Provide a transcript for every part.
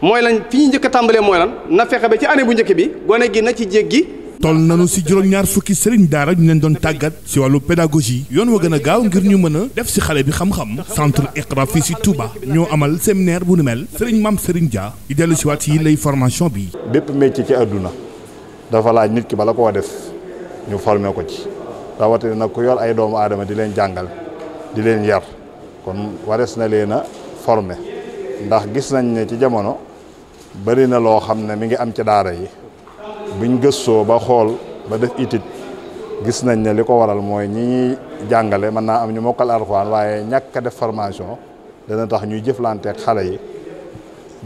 mooy lan fi ñu njëkk a tàmbalee mooy lan na fexe ba ci année bu njëkk bi gone gi na ci jéggi. toll nañu si juróom-ñaar fukki sëriñ daara ñu leen doon tàggat si wàllu pédagogie yoon wa gën a gaaw ngir ñu mën a def si xale bi xam-xam centre Iqra fii si Touba ñoo amal séminaire bu nu mel sëriñ maam sëriñ Dia di dellu si waat yi lay formation bi bépp métier ci adduna dafa laaj nit ki bala koo def ñu formé ko ci rawatina nag ku yor ay doomu aadama di leen jàngal di leen yar kon warees na leen a formé ndax gis nañ ne ci jamono. bari na loo xam ne mi ngi am ci daara yi buñ gëstoo ba xool ba def itit gis nañ ne li ko waral mooy ñi ñuy jàngale mën naa am ñu mokkal alxuraan waaye ñàkk def formation dana tax ñuy jëflante xale yi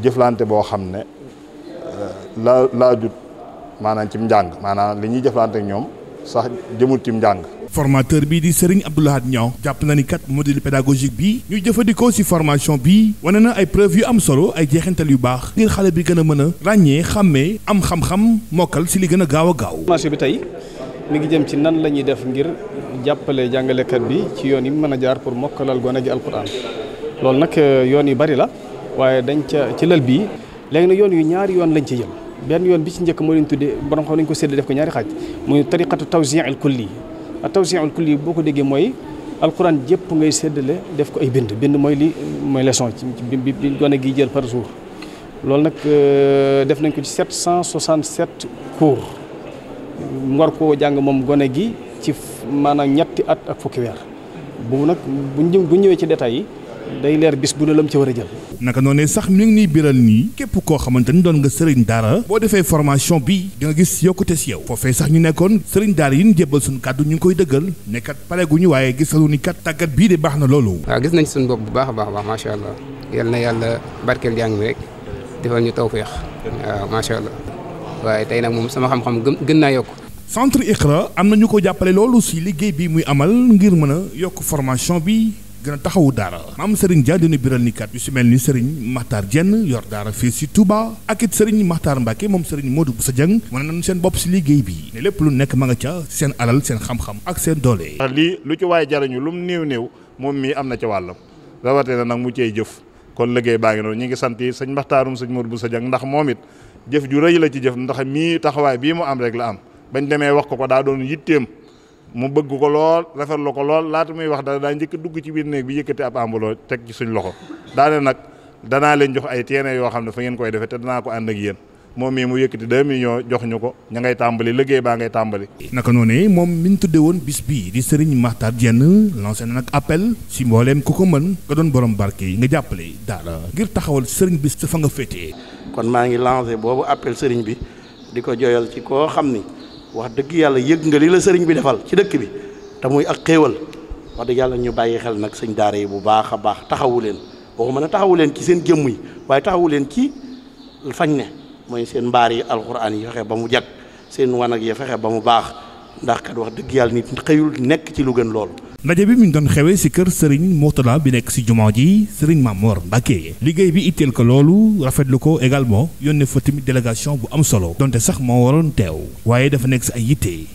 jëflante boo xam ne euh, laa laajut maanaam ci njàng maanaam li ñuy jëflante ñoom. sax jëmul ci njàng. formateur bii di Serigne Abdou Lahad Niang jàpp na ni kat modèle pédagogique bi ñu jëfandikoo ci formation bi wane na ay preuve yu am solo ay jeexintal yu baax ngir xale bi gën a mën a ràññee xàmmee am xam-xam mokkal ci li gën a gaaw a gaaw. formation bi tey mi ngi jëm ci nan la ñuy def ngir jàppale jàngalekat bi ci yoon yi mu mën a jaar pour mokkalal gone gi alquran loolu nag eh, yoon yi bari la waaye dañ ca ci lël bi léegi nag yoon yu ñaari yoon lañ ci jëm. benn yoon bi ci njëkk moo leen tuddee borom xam nañ ko sédd def ko ñaari xaaj muy tariqatu tawsi'il kulli ak tawsi'il kulli boo ko déggee mooy alquran jëpp ngay séddale def ko ay bind bind mooy li mooy leçon ci bi bi gone gi jël par jour. loolu nag euh, def nañ ko ci 767 cours war koo jàng moom gone gi ci maanaam ñetti at ak fukki weer bu nag bu ñëwee ci détails yi. day leer bis bu ne lam ci war a jël. naka noonu sax mi ngi nii biral nii. képp koo xamante ni doon nga sëriñ daara. boo defee formation bi di nga gis yokkute si yow. foofee sax ñu nekkoon sëriñ daara yi ñu jébbal suñu kàddu ñu ngi koy dëggal ne kat waaye gisalu ni kat tàggat bii de baax na loolu. waaw gis nañ suñu bopp bu baax a baax a baax macha allah yal na yàlla barkeel jàng mi rek defal ñu tawféex waaw macha allah waaye tey nag moom sama xam na ñu ko jàppale loolu si liggéey bi muy amal ngir mën a yokk bi gën a taxawu daara maam Serigne Dia dina biral ni kat yu si mel ni Serigne Makhtar Dieng yor daara fii si Touba ak it Serigne Makhtar Mbacke moom Serigne Modou Boussa Dieng wane bi ne lépp lu nekk ma nga ca seen alal seen xam-xam ak seen doole. ndax ah, lii lu ci waaye jariñu lu mu néew néew moom mii am na ca wàllam rawatina nag mu cey jëf kon liggéey baa ngi noonu ñu ngi sant yi sëñ Maxtaarum sëñ Modou Boussa Dieng ndax moom it jëf ju rëy la ci jëf ndax mii taxawaay bii mu am rek la am bañ demee wax ko ko daa doon yitteem mu bëgg ko lool rafetlu ko lool laata muy wax dara daa njëkk dugg ci biir néeg bi yëkkati ab ambuloo teg ci suñ loxo daane nag danaa leen jox ay teene yoo xam ne fa ngeen koy defee te danaa ko ànd ak yéen moom mii mu yëkkati 2 millions jox ñu ko ña ngay tàmbali liggéey baa tàmbali. naka noonu moom mi ñu tuddee woon bis bii di Serigne Makhtar Diène lancé na nag appel si mbooleem ku ko mën nga doon borom barke yi nga jàppale daara ngir taxawal Serigne bi sa fa nga féetee. kon maa ngi lancé boobu appel Serigne bi di ko joyal ci koo xam ni. wax dëgg yàlla yëg nga li la sëriñ bi defal ci dëkk bi te muy ak xéewal wax dëgg yàlla ñu bàyyi xel nag sëñ daara yi bu baax a baax taxawu leen waxuma na taxawu leen ci seen jëmm yi waaye taxawu leen ci fañ ne mooy seen mbaar yi alxuraan yi fexe ba mu jag seen wanag yi fexe ba mu baax ndax kat wax dëgg yàlla nit xëyul nekk ci lu gën loolu ndaje bi mi ngi doon xewee ci kër Serigne Mourtala bi nekk ci jumaa ji Serigne Mamor Mbacké liggéey bi itteel ko loolu rafetlu ko également yónnee fa tamit délégation bu am solo donte sax moo waroon teew waaye dafa nekk ci ay yitte.